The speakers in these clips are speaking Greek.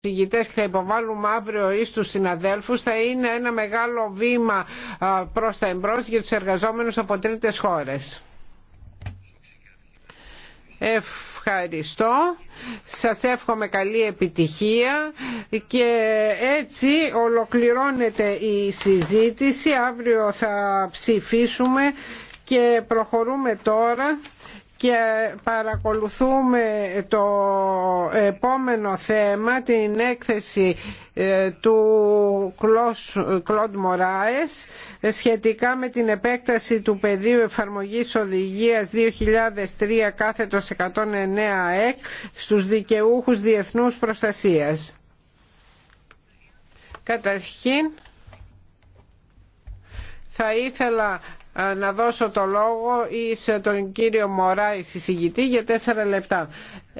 και θα υποβάλουμε αύριο ή στους συναδέλφους θα είναι ένα μεγάλο βήμα προς τα εμπρός για τους εργαζόμενους από τρίτες χώρες. Ευχαριστώ. Σας εύχομαι καλή επιτυχία και έτσι ολοκληρώνεται η συζήτηση. Αύριο θα ψηφίσουμε και προχωρούμε τώρα και παρακολουθούμε το επόμενο θέμα, την έκθεση ε, του Κλοντ Μοράες ε, σχετικά με την επέκταση του πεδίου εφαρμογής οδηγίας 2003 κάθετος 109 ΕΚ στους δικαιούχους διεθνούς προστασίας. Καταρχήν θα ήθελα ε, να δώσω το λόγο εις ε, τον κύριο Μωράη, συζητητή, για τέσσερα λεπτά.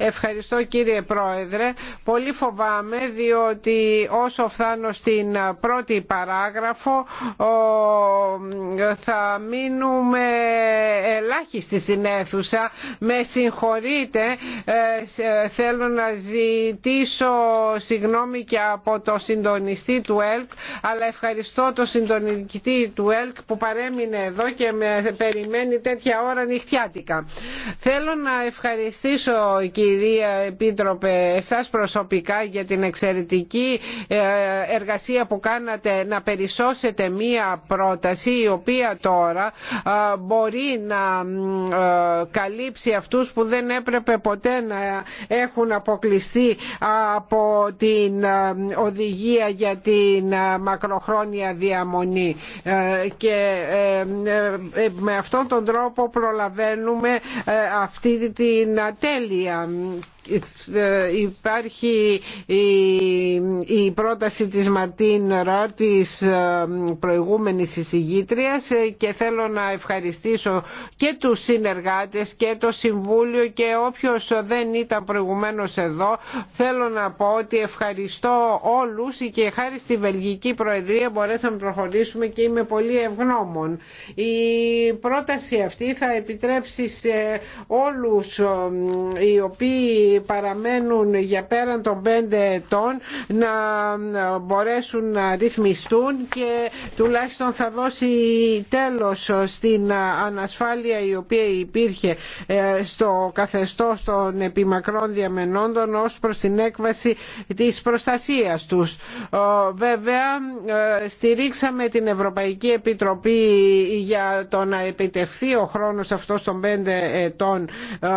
Ευχαριστώ κύριε Πρόεδρε. Πολύ φοβάμαι διότι όσο φτάνω στην πρώτη παράγραφο θα μείνουμε ελάχιστη συνέθουσα. Με συγχωρείτε, ε, θέλω να ζητήσω συγγνώμη και από το συντονιστή του ΕΛΚ, αλλά ευχαριστώ το συντονιστή του ΕΛΚ που παρέμεινε εδώ και με περιμένει τέτοια ώρα νυχτιάτικα. Θέλω να ευχαριστήσω κύριε κυρία Επίτροπε εσάς προσωπικά για την εξαιρετική ε, εργασία που κάνατε να περισσώσετε μία πρόταση η οποία τώρα ε, μπορεί να ε, καλύψει αυτούς που δεν έπρεπε ποτέ να έχουν αποκλειστεί από την οδηγία για την μακροχρόνια διαμονή και με αυτόν τον τρόπο προλαβαίνουμε αυτή την ατέλεια AUTHORWAVE υπάρχει η, πρόταση της Μαρτίν Ρορ της ε, προηγούμενης εισηγήτριας ε, και θέλω να ευχαριστήσω και τους συνεργάτες και το Συμβούλιο και όποιος δεν ήταν προηγουμένως εδώ θέλω να πω ότι ευχαριστώ όλους και χάρη στη Βελγική Προεδρία μπορέσαμε να προχωρήσουμε και είμαι πολύ ευγνώμων. Η πρόταση αυτή θα επιτρέψει όλους ε, οι οποίοι παραμένουν για πέραν των 5 ετών να μπορέσουν να ρυθμιστούν και τουλάχιστον θα δώσει τέλος στην ανασφάλεια η οποία υπήρχε ε, στο καθεστώς των επιμακρών διαμενόντων ως προς την έκβαση της προστασίας τους. Βέβαια ε, στηρίξαμε την Ευρωπαϊκή Επιτροπή για το να επιτευχθεί ο χρόνος αυτός των 5 ετών ε,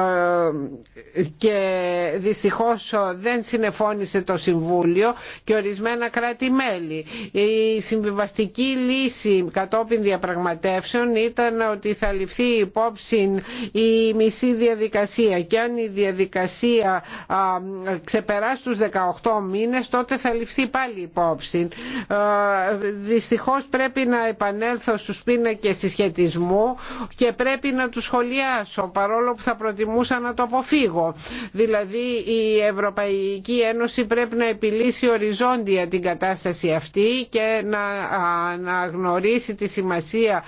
και δυστυχώς δεν συνεφώνησε το Συμβούλιο και ορισμένα κράτη-μέλη. Η συμβιβαστική λύση κατόπιν διαπραγματεύσεων ήταν ότι θα ληφθεί υπόψη η μισή διαδικασία και αν η διαδικασία ξεπεράσει τους 18 μήνες τότε θα ληφθεί πάλι υπόψη. Δυστυχώς πρέπει να επανέλθω στους πίνακες συσχετισμού και πρέπει να τους σχολιάσω παρόλο που θα προτιμούσα να το αποφύγω. Δηλαδή, δηλαδή η Ευρωπαϊκή Ένωση πρέπει να επιλύσει οριζόντια την κατάσταση αυτή και να αναγνωρίσει τη σημασία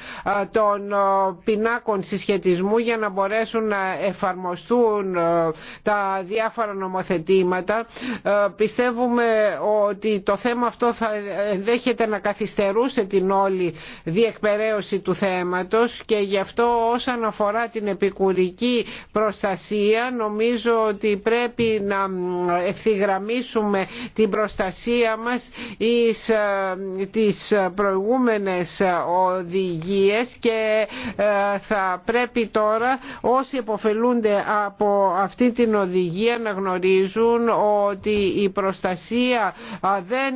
των πινάκων συσχετισμού για να μπορέσουν να εφαρμοστούν τα διάφορα νομοθετήματα. Πιστεύουμε ότι το θέμα αυτό θα δέχεται να καθυστερούσε την όλη διεκπαιρέωση του θέματος και γι' αυτό όσον αφορά την επικουρική προστασία νομίζω ότι πρέπει να ευθυγραμμίσουμε την προστασία μας εις ε, τις προηγούμενες οδηγίες και ε, θα πρέπει τώρα όσοι εποφελούνται από αυτή την οδηγία να γνωρίζουν ότι η προστασία ε, δεν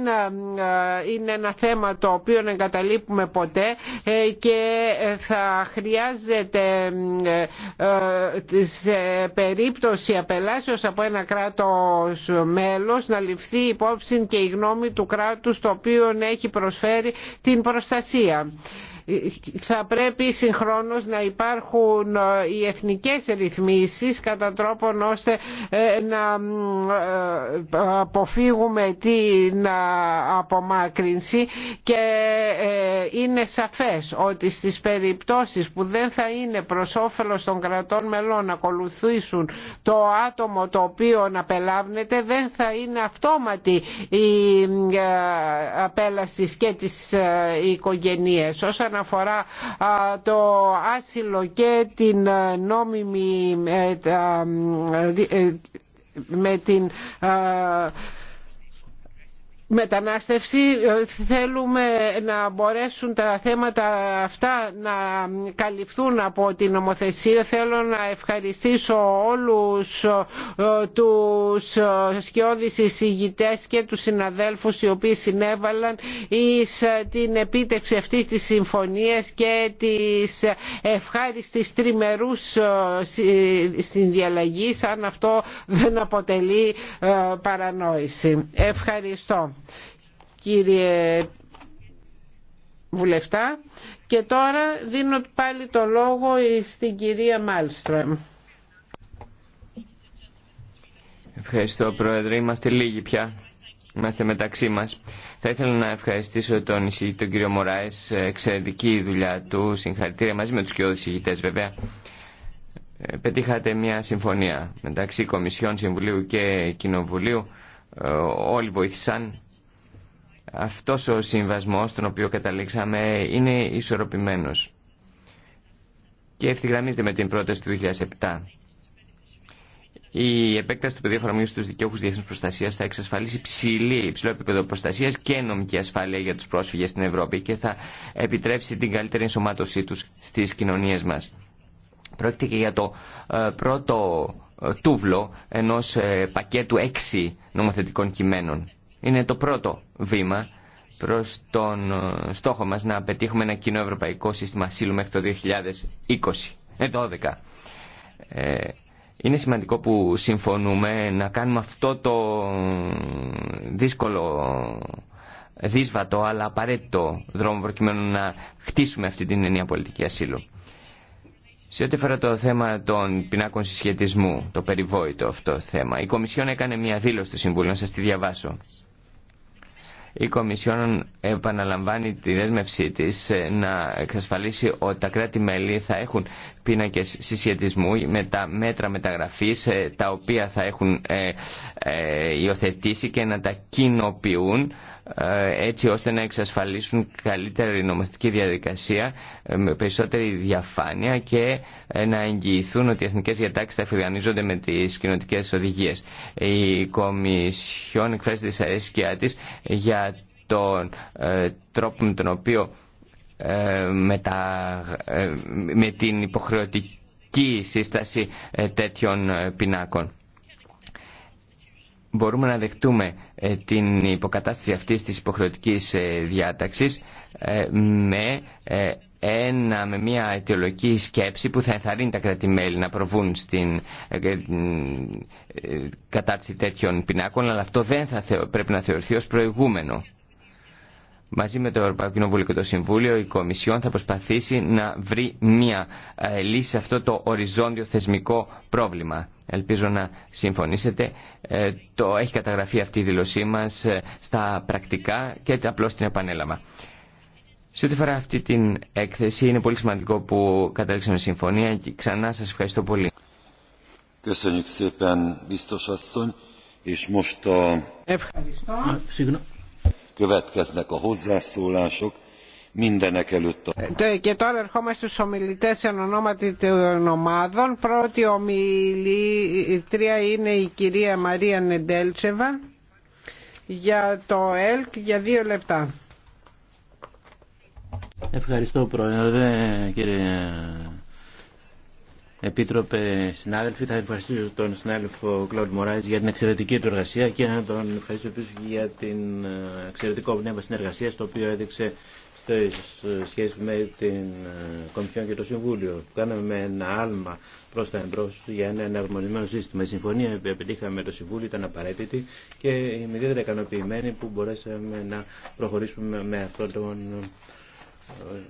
είναι ένα θέμα το οποίο να εγκαταλείπουμε ποτέ και θα χρειάζεται σε περίπτωση απελάς εκπρόσεως από ένα κράτος μέλος να ληφθεί υπόψη και η γνώμη του κράτους το οποίο έχει προσφέρει την προστασία θα πρέπει συγχρόνως να υπάρχουν ε, οι εθνικές ρυθμίσεις κατά τρόπον ώστε ε, να ε, αποφύγουμε την απομάκρυνση και είναι σαφές ότι στις περιπτώσεις που δεν θα είναι προς όφελος των κρατών μελών να ακολουθήσουν το άτομο το οποίο να απελάβνεται δεν θα είναι αυτόματη η απέλαση και τις οικογένειας αφορά το άσυλο και την ε, νόμιμη ε, ε, με την μετανάστευση ε, θέλουμε να μπορέσουν τα θέματα αυτά να καλυφθούν από την νομοθεσία θέλω να ευχαριστήσω όλους ε, τους ε, σκιώδεις εισηγητές και τους συναδέλφους οι οποίοι συνέβαλαν εις την επίτευξη αυτής της συμφωνίας και της ευχάριστης τριμερούς συνδιαλλαγής αν αυτό δεν αποτελεί παρανόηση. Ευχαριστώ κύριε βουλευτά και τώρα δίνω πάλι το λόγο στην κυρία Μάλστρομ. Ευχαριστώ Πρόεδρε, είμαστε λίγοι πια, είμαστε μεταξύ μας. Θα ήθελα να ευχαριστήσω τον εισηγητή τον κύριο Μωράες, εξαιρετική δουλειά του, συγχαρητήρια μαζί με τους και εισηγητές βέβαια. Ε, πετύχατε μια συμφωνία μεταξύ Κομισιών, Συμβουλίου και Κοινοβουλίου, ε, όλοι βοήθησαν αυτός ο συμβασμός τον οποίο καταλήξαμε είναι ισορροπημένος και ευθυγραμμίζεται με την πρόταση του 2007. Η επέκταση του πεδίου εφαρμογή στου δικαιούχου διεθνού προστασία θα εξασφαλίσει ψηλή, υψηλό επίπεδο προστασία και νομική ασφάλεια για του πρόσφυγε στην Ευρώπη και θα επιτρέψει την καλύτερη ενσωμάτωσή του στι κοινωνίε μα. Πρόκειται και για το ε, πρώτο ε, τούβλο ενός ε, πακέτου έξι νομοθετικών κειμένων είναι το πρώτο βήμα προς τον ε, στόχο μας να πετύχουμε ένα κοινό ευρωπαϊκό σύστημα ασύλου μέχρι το 2020, 12. Ε, ε, είναι σημαντικό που συμφωνούμε να κάνουμε αυτό το δύσκολο, δύσβατο αλλά απαραίτητο δρόμο προκειμένου να χτίσουμε αυτή την ενιαία πολιτική ασύλου. Σε ό,τι αφορά το θέμα των πινάκων συσχετισμού, το περιβόητο αυτό θέμα, η Κομισιόν έκανε μια δήλωση στο Συμβούλιο, να σας τη διαβάσω η Κομισιόν επαναλαμβάνει τη δέσμευσή τη ε, να εξασφαλίσει ότι τα κράτη-μέλη θα έχουν πίνακε συσχετισμού με τα μέτρα μεταγραφής ε, τα οποία θα έχουν ε, υιοθετήσει και να τα κοινοποιούν ε, έτσι ώστε να εξασφαλίσουν καλύτερη νομοθετική διαδικασία ε, με περισσότερη διαφάνεια και ε, να εγγυηθούν ότι οι εθνικές διατάξεις θα εφηγανίζονται με τις κοινοτικέ οδηγίες. Η Κομισιόν εκφράζει τη της για τον τρόπο με τον οποίο με, τα, με την υποχρεωτική σύσταση τέτοιων πινάκων μπορούμε να δεχτούμε ε, την υποκατάσταση αυτής της υποχρεωτικής ε, διάταξης ε, με ένα, με μια αιτιολογική σκέψη που θα ενθαρρύνει τα κράτη-μέλη να προβούν στην κατάρτιση τέτοιων πινάκων, αλλά αυτό δεν θα πρέπει να θεωρηθεί ως προηγούμενο. Μαζί με το Ευρωπαϊκό Κοινοβούλιο και το Συμβούλιο, η Κομισιόν θα προσπαθήσει να βρει μία ε, λύση σε αυτό το οριζόντιο θεσμικό πρόβλημα. Ελπίζω να συμφωνήσετε. Ε, το έχει καταγραφεί αυτή η δήλωσή μας ε, στα πρακτικά και απλώς την επανέλαβα. Σε ό,τι φορά αυτή την έκθεση είναι πολύ σημαντικό που καταλήξαμε συμφωνία και ξανά σας ευχαριστώ πολύ. Και τώρα ερχόμαστε στους ομιλητές εν ονόματι των ομάδων. Πρώτη ομιλήτρια είναι η κυρία Μαρία Νεντέλτσεβα για το ΕΛΚ για δύο λεπτά. Ευχαριστώ Πρόεδρε κύριε Επίτροπε, συνάδελφοι, θα ευχαριστήσω τον συνάδελφο Κλόντ Μωράης για την εξαιρετική του εργασία και να τον ευχαριστήσω επίση για την ε, εξαιρετικό πνεύμα συνεργασία το οποίο έδειξε στι ε, σχέση με την ε, Κομισιόν και το Συμβούλιο. Κάναμε ένα άλμα προ τα εμπρό για ένα εναρμονισμένο σύστημα. Η συμφωνία που επιτύχαμε με το Συμβούλιο ήταν απαραίτητη και είμαι ιδιαίτερα ικανοποιημένη που μπορέσαμε να προχωρήσουμε με αυτόν τον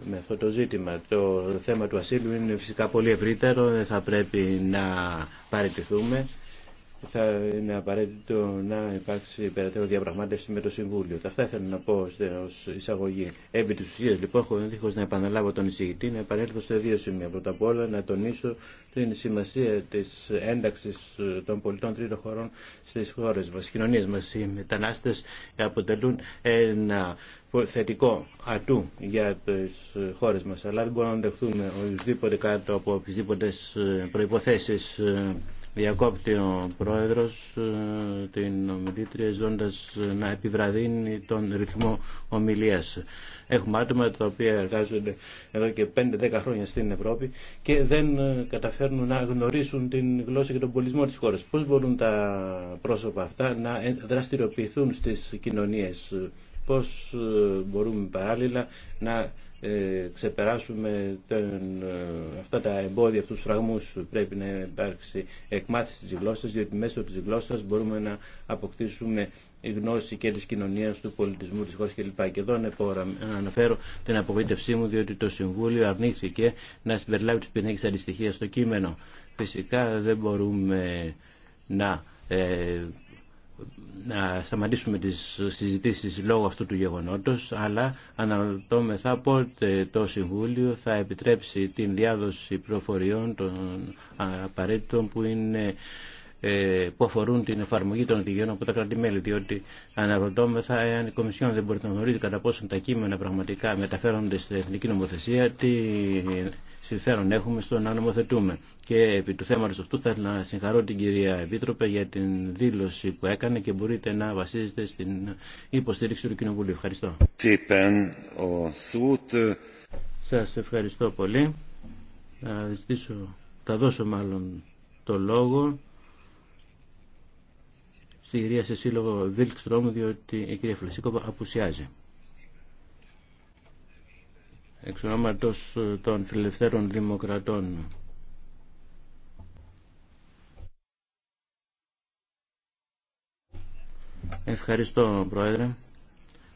με αυτό το ζήτημα. Το θέμα του ασύλου είναι φυσικά πολύ ευρύτερο, δεν θα πρέπει να παραιτηθούμε. Θα είναι απαραίτητο να υπάρξει περαιτέρω διαπραγμάτευση με το Συμβούλιο. αυτά ήθελα να πω ω εισαγωγή. Έμπει τη ουσία, λοιπόν, έχω δίχω να επαναλάβω τον εισηγητή, να επανέλθω σε δύο σημεία. Πρώτα απ' όλα να τονίσω την σημασία τη ένταξη των πολιτών τρίτων χωρών στι χώρε μα. Οι κοινωνίε μα, οι μετανάστε αποτελούν ένα θετικό ατού για τις ε, χώρες μας, αλλά δεν μπορούμε να δεχτούμε οτιδήποτε κάτω από οποιασδήποτε ε, προϋποθέσεις ε, διακόπτει ο Πρόεδρος την ομιλήτρια ζώντας να επιβραδύνει τον ρυθμό ομιλίας. Έχουμε άτομα τα οποία εργάζονται εδώ και 5-10 χρόνια στην Ευρώπη και δεν καταφέρνουν να γνωρίσουν την γλώσσα και τον πολιτισμό της χώρας. Πώς μπορούν τα πρόσωπα αυτά να δραστηριοποιηθούν στις κοινωνίες πώς ε, μπορούμε παράλληλα να ε, ξεπεράσουμε τον, ε, αυτά τα εμπόδια, αυτούς τους φραγμούς πρέπει να υπάρξει εκμάθηση της γλώσσας διότι μέσω της γλώσσας μπορούμε να αποκτήσουμε η γνώση και της κοινωνίας, του πολιτισμού της χώρας κλπ. Και εδώ αναφέρω την απογοήτευσή μου διότι το Συμβούλιο αρνήθηκε να συμπεριλάβει τις πινέκες αντιστοιχίες στο κείμενο. Φυσικά δεν μπορούμε να να σταματήσουμε τις συζητήσεις λόγω αυτού του γεγονότος, αλλά αναρωτώ μεθά πότε το Συμβούλιο θα επιτρέψει την διάδοση προφοριών των απαραίτητων που είναι ε, που αφορούν την εφαρμογή των οδηγιών από τα κράτη-μέλη. Διότι αναρωτώμεθα εάν η Κομισιόν δεν μπορεί να γνωρίζει κατά πόσο τα κείμενα πραγματικά μεταφέρονται στην εθνική νομοθεσία, τι συμφέρον έχουμε στο να νομοθετούμε. Και επί του θέματος αυτού θα να συγχαρώ την κυρία Επίτροπε για την δήλωση που έκανε και μπορείτε να βασίζεστε στην υποστήριξη του Κοινοβουλίου. Ευχαριστώ. Σα ευχαριστώ πολύ. Θα, διστήσω, θα δώσω μάλλον το λόγο στη κυρία Σεσίλοβο Βίλκστρομ διότι η κυρία Φλασίκοβα απουσιάζει. Εξ των φιλελευθέρων δημοκρατών. Ευχαριστώ Πρόεδρε.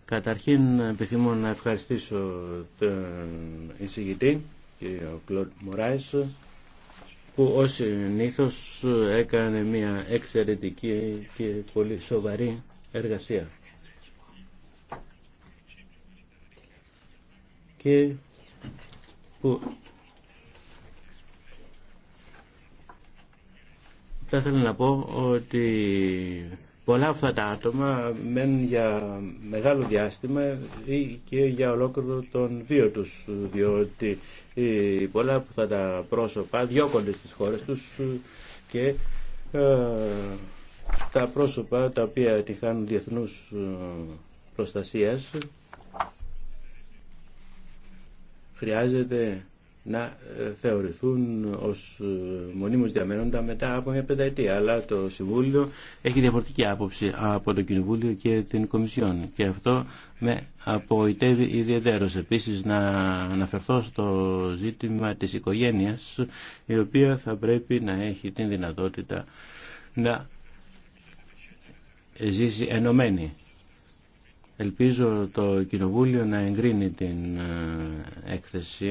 Καταρχήν επιθυμώ να ευχαριστήσω τον εισηγητή, κύριο Κλοντ Μωράης, που ως συνήθω έκανε μια εξαιρετική και πολύ σοβαρή εργασία. Και που θα ήθελα να πω ότι Πολλά από αυτά τα άτομα μένουν για μεγάλο διάστημα ή και για ολόκληρο τον βίο τους, διότι πολλά από αυτά τα πρόσωπα διώκονται στις χώρες τους και ε, τα πρόσωπα τα οποία τυχάνουν διεθνούς ε, προστασίας χρειάζεται να ε, θεωρηθούν ως ε, μονίμως διαμένοντα μετά από μια πενταετία. Αλλά το Συμβούλιο έχει διαφορετική άποψη από το Κοινοβούλιο και την Κομισιόν. Και αυτό με απογοητεύει ιδιαίτερος. Επίσης να αναφερθώ στο ζήτημα της οικογένειας η οποία θα πρέπει να έχει την δυνατότητα να ζήσει ενωμένη. Ελπίζω το Κοινοβούλιο να εγκρίνει την ε, έκθεση.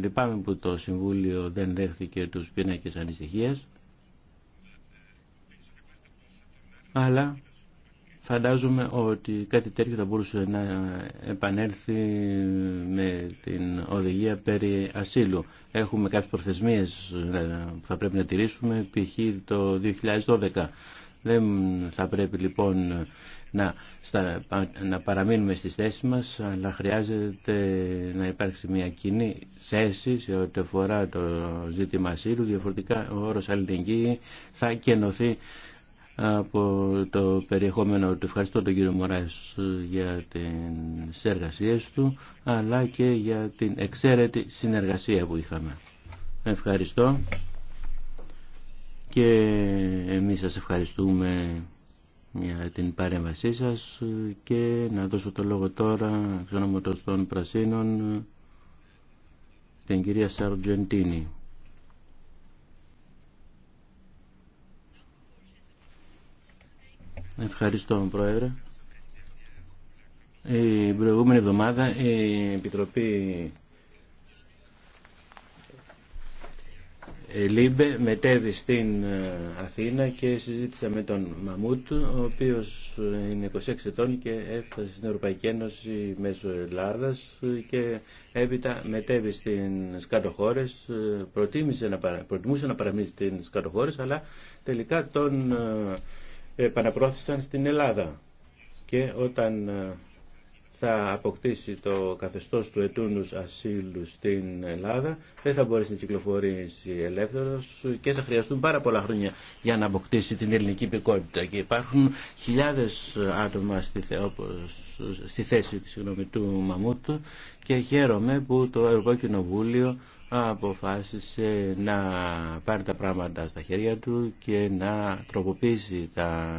Λυπάμαι που το Συμβούλιο δεν δέχθηκε τους πίνακες ανησυχίας. Αλλά φαντάζομαι ότι κάτι τέτοιο θα μπορούσε να επανέλθει με την οδηγία περί ασύλου. Έχουμε κάποιες προθεσμίες ε, που θα πρέπει να τηρήσουμε, π.χ. το 2012. Δεν θα πρέπει λοιπόν να, να παραμείνουμε στις θέσεις μας, αλλά χρειάζεται να υπάρξει μια κοινή θέση σε ό,τι αφορά το ζήτημα ασύλου. Διαφορετικά ο όρος αλληλεγγύη θα κενωθεί από το περιεχόμενο του. Ευχαριστώ τον κύριο Μωράς για την εργασίες του, αλλά και για την εξαίρετη συνεργασία που είχαμε. Ευχαριστώ και εμείς σας ευχαριστούμε για την παρέμβασή σας και να δώσω το λόγο τώρα εξ των Πρασίνων την κυρία Σαρτζεντίνη. Ευχαριστώ, Πρόεδρε. Η προηγούμενη εβδομάδα η Επιτροπή Λίμπε μετέβη στην ε, Αθήνα και συζήτησα με τον Μαμούτ, ο οποίος είναι 26 ετών και έφτασε στην Ευρωπαϊκή Ένωση μέσω Ελλάδας και έπειτα μετέβη στην Σκάτοχώρες ε, να, προτιμούσε να παραμείνει στις Σκάτοχώρες αλλά τελικά τον ε, επαναπρόθεσαν στην Ελλάδα. Και όταν θα αποκτήσει το καθεστώς του ετούνους ασύλου στην Ελλάδα, δεν θα μπορέσει να κυκλοφορήσει ελεύθερος και θα χρειαστούν πάρα πολλά χρόνια για να αποκτήσει την ελληνική υπηκότητα. Και υπάρχουν χιλιάδες άτομα στη, όπως, στη θέση συγγνώμη, του Μαμούτου και χαίρομαι που το Ευρωπαϊκό Κοινοβούλιο αποφάσισε να πάρει τα πράγματα στα χέρια του και να τροποποιήσει τα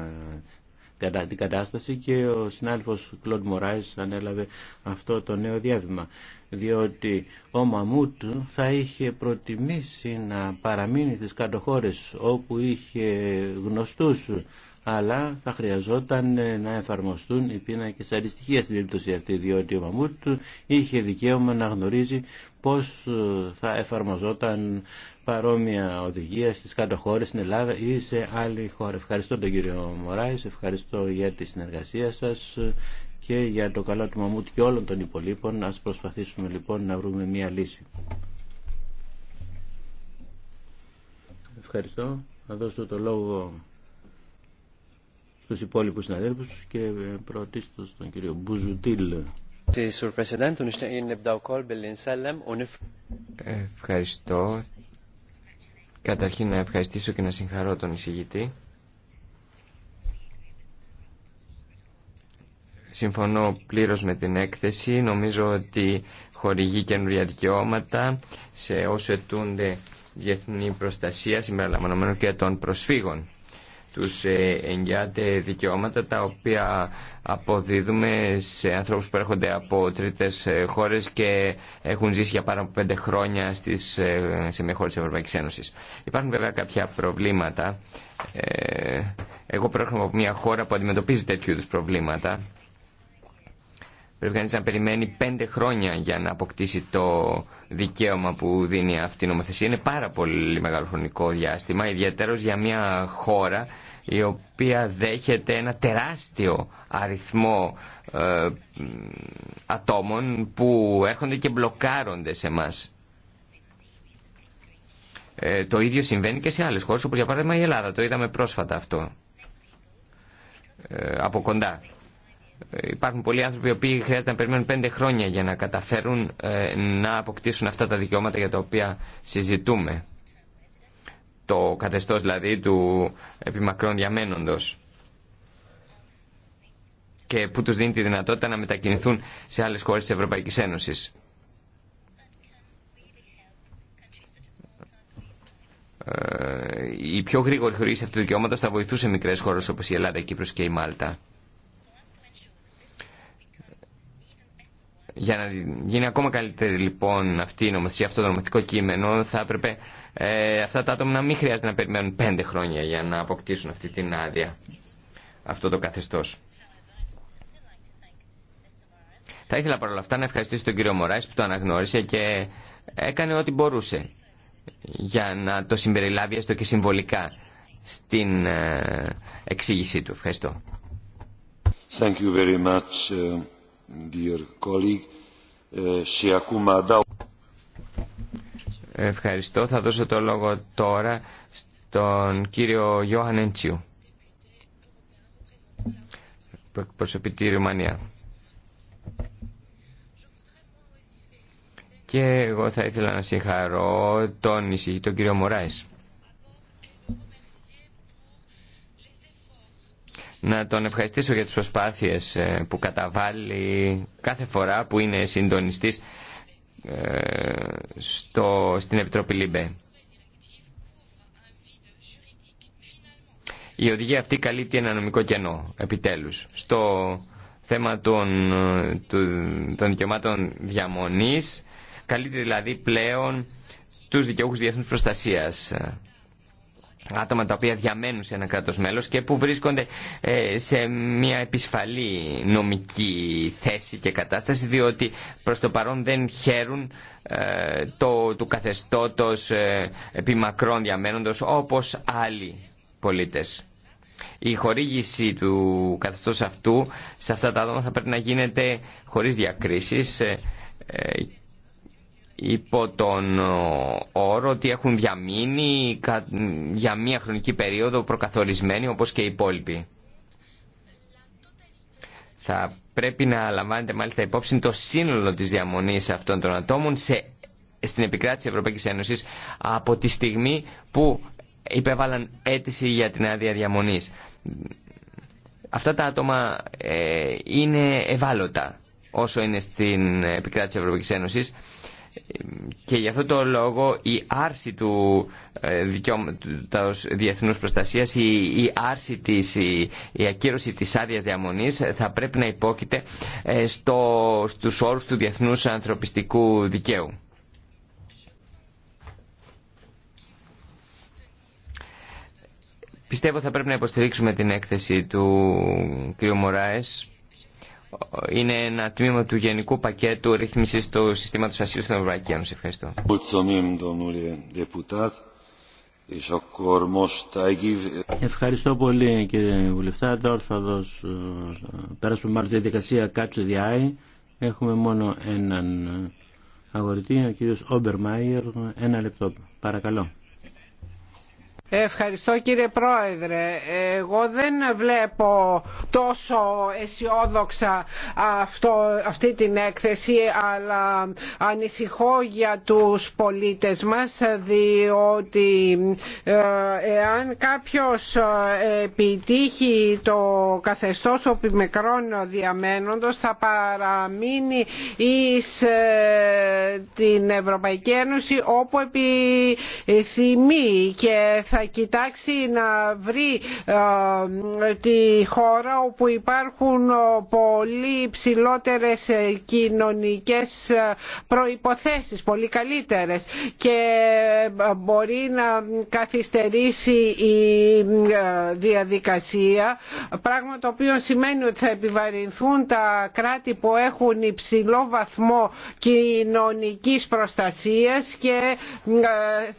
την κατάσταση και ο συνάδελφος Κλοντ Μωράης ανέλαβε αυτό το νέο διάβημα. Διότι ο Μαμούτ θα είχε προτιμήσει να παραμείνει στις κατοχώρες όπου είχε γνωστούς αλλά θα χρειαζόταν ε, να εφαρμοστούν οι πίνακες. αντιστοιχεία στην περίπτωση αυτή, διότι ο Μαμούτ είχε δικαίωμα να γνωρίζει πώς ε, θα εφαρμοζόταν παρόμοια οδηγία στις κάτω χώρες στην Ελλάδα ή σε άλλη χώρα. Ευχαριστώ τον κύριο Μωράης, ευχαριστώ για τη συνεργασία σας και για το καλό του Μαμούτ και όλων των υπολείπων. Ας προσπαθήσουμε λοιπόν να βρούμε μία λύση. Ευχαριστώ. Θα δώσω το λόγο στους υπόλοιπους συναδέλφους και ε, πρωτίστως τον κύριο Μπουζουτήλ. Ευχαριστώ. Καταρχήν να ευχαριστήσω και να συγχαρώ τον εισηγητή. Συμφωνώ πλήρως με την έκθεση. Νομίζω ότι χορηγεί καινούργια δικαιώματα σε όσοι ετούνται διεθνή προστασία συμπεριλαμβανομένων και των προσφύγων τους ε, εγγυάται δικαιώματα τα οποία αποδίδουμε σε ανθρώπους που έρχονται από τρίτες ε, χώρες και έχουν ζήσει για πάνω από πέντε χρόνια στις, ε, σε μια χώρα της Ευρωπαϊκής Ένωσης. Υπάρχουν βέβαια κάποια προβλήματα. εγώ προέρχομαι από μια χώρα που αντιμετωπίζει τέτοιου είδους προβλήματα Πρέπει κανεί να περιμένει πέντε χρόνια για να αποκτήσει το δικαίωμα που δίνει αυτή η νομοθεσία. Είναι πάρα πολύ μεγάλο χρονικό διάστημα, Ιδιαίτερο για μια χώρα η οποία δέχεται ένα τεράστιο αριθμό ε, ατόμων που έρχονται και μπλοκάρονται σε μας. Ε, το ίδιο συμβαίνει και σε άλλες χώρες, όπως για παράδειγμα η Ελλάδα. Το είδαμε πρόσφατα αυτό, ε, από κοντά. Υπάρχουν πολλοί άνθρωποι οι οποίοι χρειάζεται να περιμένουν πέντε χρόνια για να καταφέρουν ε, να αποκτήσουν αυτά τα δικαιώματα για τα οποία συζητούμε. Το καθεστώς δηλαδή του επιμακρών διαμένοντος και που τους δίνει τη δυνατότητα να μετακινηθούν σε άλλες χώρες της Ευρωπαϊκής Ένωσης. Ε, η πιο γρήγορη χρήση αυτού του δικαιώματος θα βοηθούσε μικρές χώρες όπως η Ελλάδα, η Κύπρος και η Μάλτα. Για να γίνει ακόμα καλύτερη λοιπόν αυτή η νομοθεσία, αυτό το νομοθετικό κείμενο, θα έπρεπε ε, αυτά τα άτομα να μην χρειάζεται να περιμένουν πέντε χρόνια για να αποκτήσουν αυτή την άδεια, αυτό το καθεστώς. Θα ήθελα παρόλα αυτά να ευχαριστήσω τον κύριο Μωράη που το αναγνώρισε και έκανε ό,τι μπορούσε για να το συμπεριλάβει έστω και συμβολικά στην ε, εξήγησή του. Ευχαριστώ. Thank you very much. Ε, ε, Ευχαριστώ. Θα δώσω το λόγο τώρα στον κύριο Γιώχαν Εντσιού που εκπροσωπεί τη Ρουμανία. Και εγώ θα ήθελα να συγχαρώ τον, τον κύριο Μωράης. να τον ευχαριστήσω για τις προσπάθειες ε, που καταβάλει κάθε φορά που είναι συντονιστής ε, στο, στην Επιτροπή ΛΥΜΠΕ. Η οδηγία αυτή καλύπτει ένα νομικό κενό, επιτέλους. Στο θέμα των, των δικαιωμάτων διαμονής, καλύπτει δηλαδή πλέον τους δικαιούχους διεθνούς προστασίας άτομα τα οποία διαμένουν σε ένα κράτος μέλος και που βρίσκονται ε, σε μια επισφαλή νομική θέση και κατάσταση διότι προς το παρόν δεν χαίρουν ε, το, του καθεστώτος ε, επιμακρών διαμένοντος όπως άλλοι πολίτες. Η χορήγηση του καθεστώς αυτού σε αυτά τα άτομα θα πρέπει να γίνεται χωρίς διακρίσεις υπό τον όρο ότι έχουν διαμείνει για μία χρονική περίοδο προκαθορισμένοι όπως και οι υπόλοιποι. Θα πρέπει να λαμβάνετε μάλιστα υπόψη το σύνολο της διαμονής αυτών των ατόμων σε, στην επικράτηση της Ευρωπαϊκής Ένωσης από τη στιγμή που υπέβαλαν αίτηση για την άδεια διαμονής. Αυτά τα άτομα ε, είναι ευάλωτα όσο είναι στην επικράτηση της Ευρωπαϊκής Ένωσης και γι' αυτό το λόγο η άρση του ε, δικαιώματος διεθνούς προστασίας, η, άρση της, η, ακύρωση της άδειας διαμονής θα πρέπει να υπόκειται ε, στο, στους όρους του διεθνούς ανθρωπιστικού δικαίου. Πιστεύω θα πρέπει να υποστηρίξουμε την έκθεση του κ. Μωράες είναι ένα τμήμα του γενικού πακέτου ρύθμιση του συστήματο ασύλου στην Ευρωπαϊκή Ένωση. Ευχαριστώ. Ευχαριστώ πολύ κύριε Βουλευτά. Τώρα θα δώσω... Ε, πέρασουμε μάλλον τη διαδικασία κάτσου διάει. Έχουμε μόνο έναν αγορητή, ο κύριος Όμπερ Μάιερ. Ένα λεπτό. Παρακαλώ. Ευχαριστώ κύριε Πρόεδρε. Εγώ δεν βλέπω τόσο αισιόδοξα αυτό, αυτή την έκθεση αλλά ανησυχώ για τους πολίτες μας διότι ε, εάν κάποιος ε, επιτύχει το καθεστώς οπιμεκρών διαμένοντος θα παραμείνει εις ε, την Ευρωπαϊκή Ένωση όπου επιθυμεί και θα κοιτάξει να βρει ε, τη χώρα όπου υπάρχουν ε, πολύ υψηλότερες ε, κοινωνικές προϋποθέσεις, πολύ καλύτερες και μπορεί να καθυστερήσει η διαδικασία πράγμα το οποίο σημαίνει ότι θα επιβαρυνθούν τα κράτη που έχουν υψηλό βαθμό κοινωνικής προστασίας και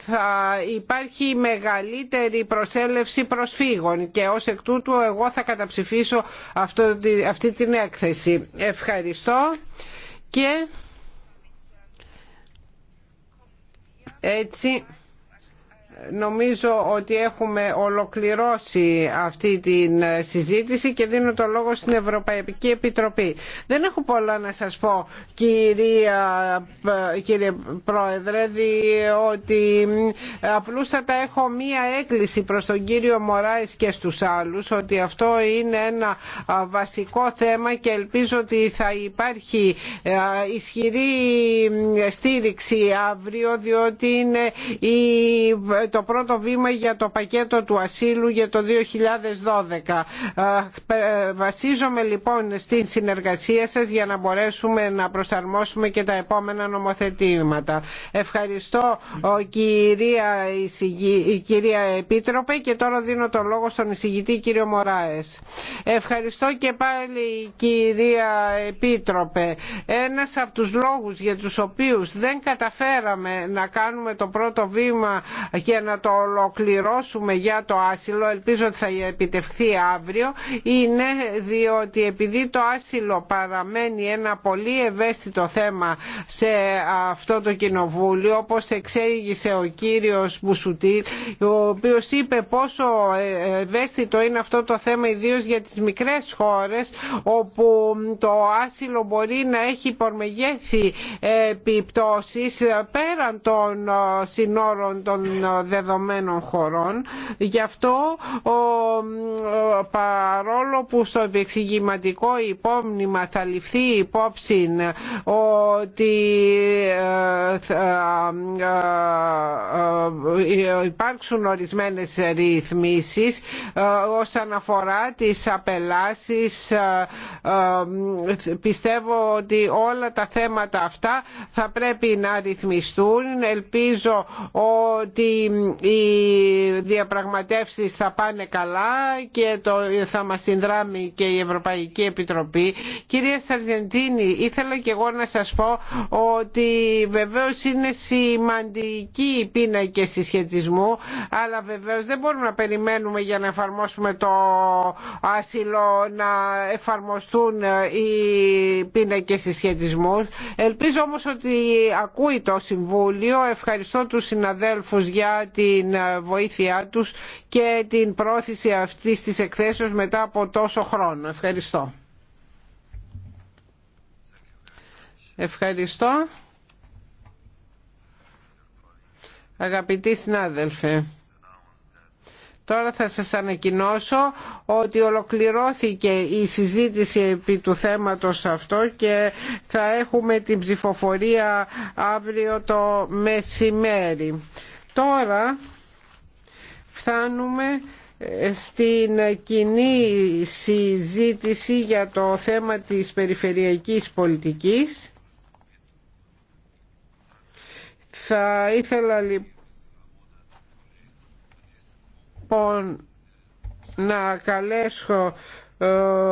θα υπάρχει μεγάλη καλύτερη προσέλευση προσφύγων και ως εκ τούτου εγώ θα καταψηφίσω αυτή την έκθεση. Ευχαριστώ και έτσι Νομίζω ότι έχουμε ολοκληρώσει αυτή την συζήτηση και δίνω το λόγο στην Ευρωπαϊκή Επιτροπή. Δεν έχω πολλά να σας πω κυρία, κύριε Πρόεδρε διότι απλούστατα έχω μία έκκληση προς τον κύριο Μωράης και στους άλλους ότι αυτό είναι ένα βασικό θέμα και ελπίζω ότι θα υπάρχει ε, ισχυρή στήριξη αύριο διότι είναι η το πρώτο βήμα για το πακέτο του ασύλου για το 2012. Βασίζομαι λοιπόν στην συνεργασία σας για να μπορέσουμε να προσαρμόσουμε και τα επόμενα νομοθετήματα. Ευχαριστώ κυρία, κυρία Επίτροπε και τώρα δίνω το λόγο στον εισηγητή κύριο Μωράες. Ευχαριστώ και πάλι κυρία Επίτροπε. Ένας από τους λόγους για τους οποίους δεν καταφέραμε να κάνουμε το πρώτο βήμα για να το ολοκληρώσουμε για το άσυλο, ελπίζω ότι θα επιτευχθεί αύριο, είναι διότι επειδή το άσυλο παραμένει ένα πολύ ευαίσθητο θέμα σε αυτό το κοινοβούλιο, όπως εξέγησε ο κύριος Μπουσουτή, ο οποίος είπε πόσο ευαίσθητο είναι αυτό το θέμα, ιδίως για τις μικρές χώρες, όπου το άσυλο μπορεί να έχει υπορμεγέθη επιπτώσεις πέραν των συνόρων των δεδομένων χωρών. Γι' αυτό παρόλο που στο επεξηγηματικό υπόμνημα θα ληφθεί υπόψη ότι υπάρχουν ε, ε, ε, υπάρξουν ορισμένες ρυθμίσεις όσον αφορά τις απελάσεις πιστεύω ότι όλα τα θέματα αυτά θα πρέπει να ρυθμιστούν ελπίζω ότι οι διαπραγματεύσεις θα πάνε καλά και το, θα μας συνδράμει και η Ευρωπαϊκή Επιτροπή. Κυρία Σαρζεντίνη, ήθελα και εγώ να σας πω ότι βεβαίως είναι σημαντική η και συσχετισμού, αλλά βεβαίως δεν μπορούμε να περιμένουμε για να εφαρμόσουμε το άσυλο να εφαρμοστούν οι πίνακες συσχετισμού. Ελπίζω όμως ότι ακούει το Συμβούλιο. Ευχαριστώ τους συναδέλφους για την βοήθειά τους και την πρόθεση αυτής της εκθέσεως μετά από τόσο χρόνο. Ευχαριστώ. Ευχαριστώ. Αγαπητοί συνάδελφοι, τώρα θα σας ανακοινώσω ότι ολοκληρώθηκε η συζήτηση επί του θέματος αυτό και θα έχουμε την ψηφοφορία αύριο το μεσημέρι. Τώρα φτάνουμε ε, στην κοινή συζήτηση για το θέμα της περιφερειακής πολιτικής. Θα ήθελα λοιπόν να καλέσω ε,